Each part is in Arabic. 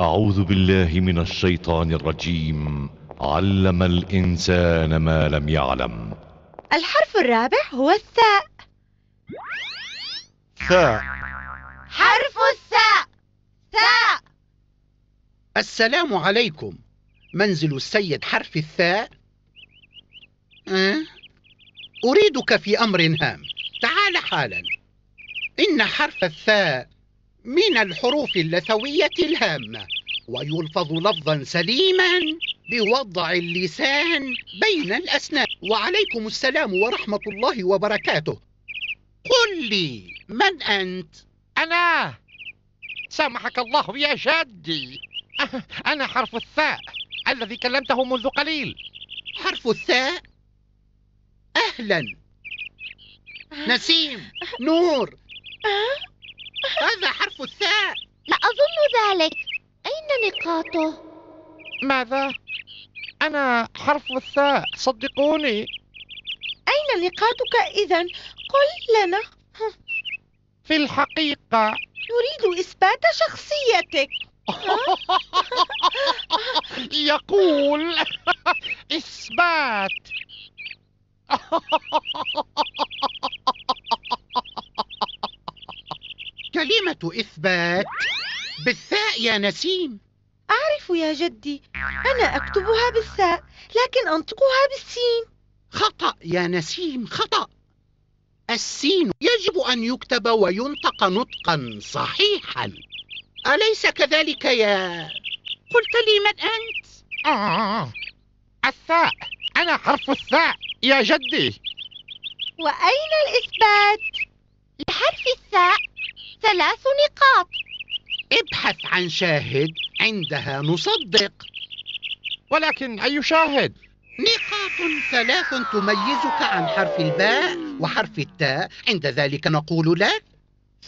أعوذ بالله من الشيطان الرجيم علم الإنسان ما لم يعلم الحرف الرابع هو الثاء ثاء حرف الثاء ثاء السلام عليكم منزل السيد حرف الثاء أه؟ أريدك في أمر هام تعال حالا إن حرف الثاء من الحروف اللثوية الهامة ويلفظ لفظا سليما بوضع اللسان بين الأسنان وعليكم السلام ورحمة الله وبركاته قل لي من أنت؟ أنا سامحك الله يا جدي أنا حرف الثاء الذي كلمته منذ قليل حرف الثاء؟ أهلا أه. نسيم نور أه. هذا حرف الثاء لا أظن ذلك أين نقاطه؟ ماذا؟ أنا حرف الثاء صدقوني أين نقاطك إذا؟ قل لنا في الحقيقة نريد إثبات شخصيتك يقول إثبات كلمة إثبات بالثاء يا نسيم أعرف يا جدي أنا أكتبها بالثاء لكن أنطقها بالسين خطأ يا نسيم خطأ السين يجب أن يكتب وينطق نطقا صحيحا أليس كذلك يا قلت لي من أنت؟ آه الثاء أنا حرف الثاء يا جدي وأين الإثبات؟ لحرف الثاء ثلاث نقاط ابحث عن شاهد عندها نصدق ولكن أي شاهد؟ نقاط ثلاث تميزك عن حرف الباء وحرف التاء عند ذلك نقول لك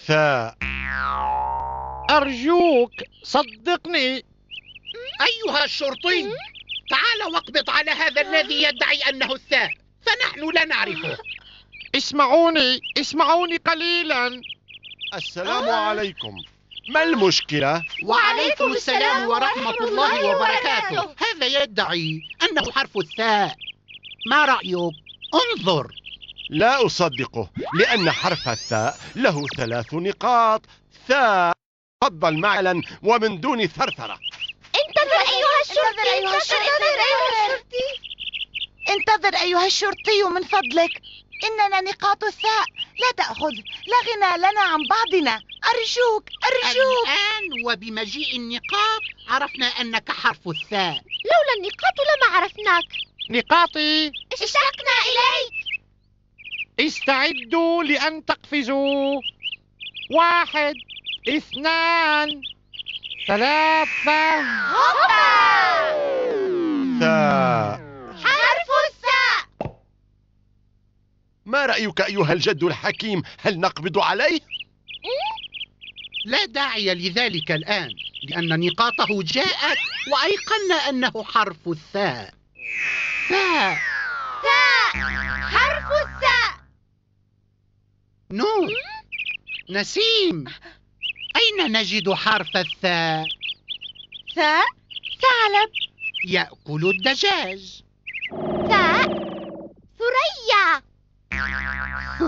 ثاء أرجوك صدقني أيها الشرطي تعال واقبض على هذا الذي يدعي أنه الثاء فنحن لا نعرفه اسمعوني اسمعوني قليلا السلام آه. عليكم ما المشكلة؟ وعليكم السلام ورحمة الله وبركاته هذا يدعي أنه حرف الثاء ما رأيك؟ انظر لا أصدقه لأن حرف الثاء له ثلاث نقاط ثاء تفضل معلا ومن دون ثرثرة انتظر أيها الشرطي انتظر أيها الشرطي انتظر أيها الشرطي من فضلك إننا نقاط الثاء لا تأخذ لا غنى لنا عن بعضنا أرجوك أرجوك الآن وبمجيء النقاط عرفنا أنك حرف الثاء لولا النقاط لما عرفناك نقاطي اشتقنا إليك استعدوا لأن تقفزوا واحد اثنان ثلاثة هوبا ما رأيك أيها الجد الحكيم هل نقبض عليه؟ لا داعي لذلك الآن لأن نقاطه جاءت وأيقنا أنه حرف الثاء ثاء ثاء حرف الثاء نور نسيم أين نجد حرف الثاء؟ ثاء ثعلب يأكل الدجاج ثاء ثريا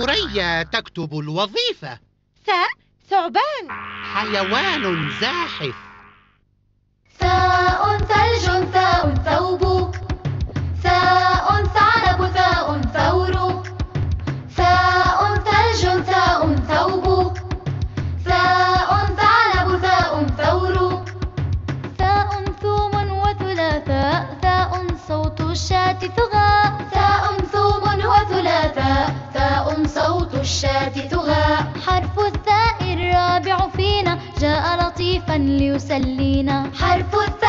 ثريا تكتب الوظيفة ث ثعبان حيوان زاحف ثاء ثلج ثاء ثوبك الشاة تغاء حرف الثاء الرابع فينا جاء لطيفا ليسلينا حرف الثاء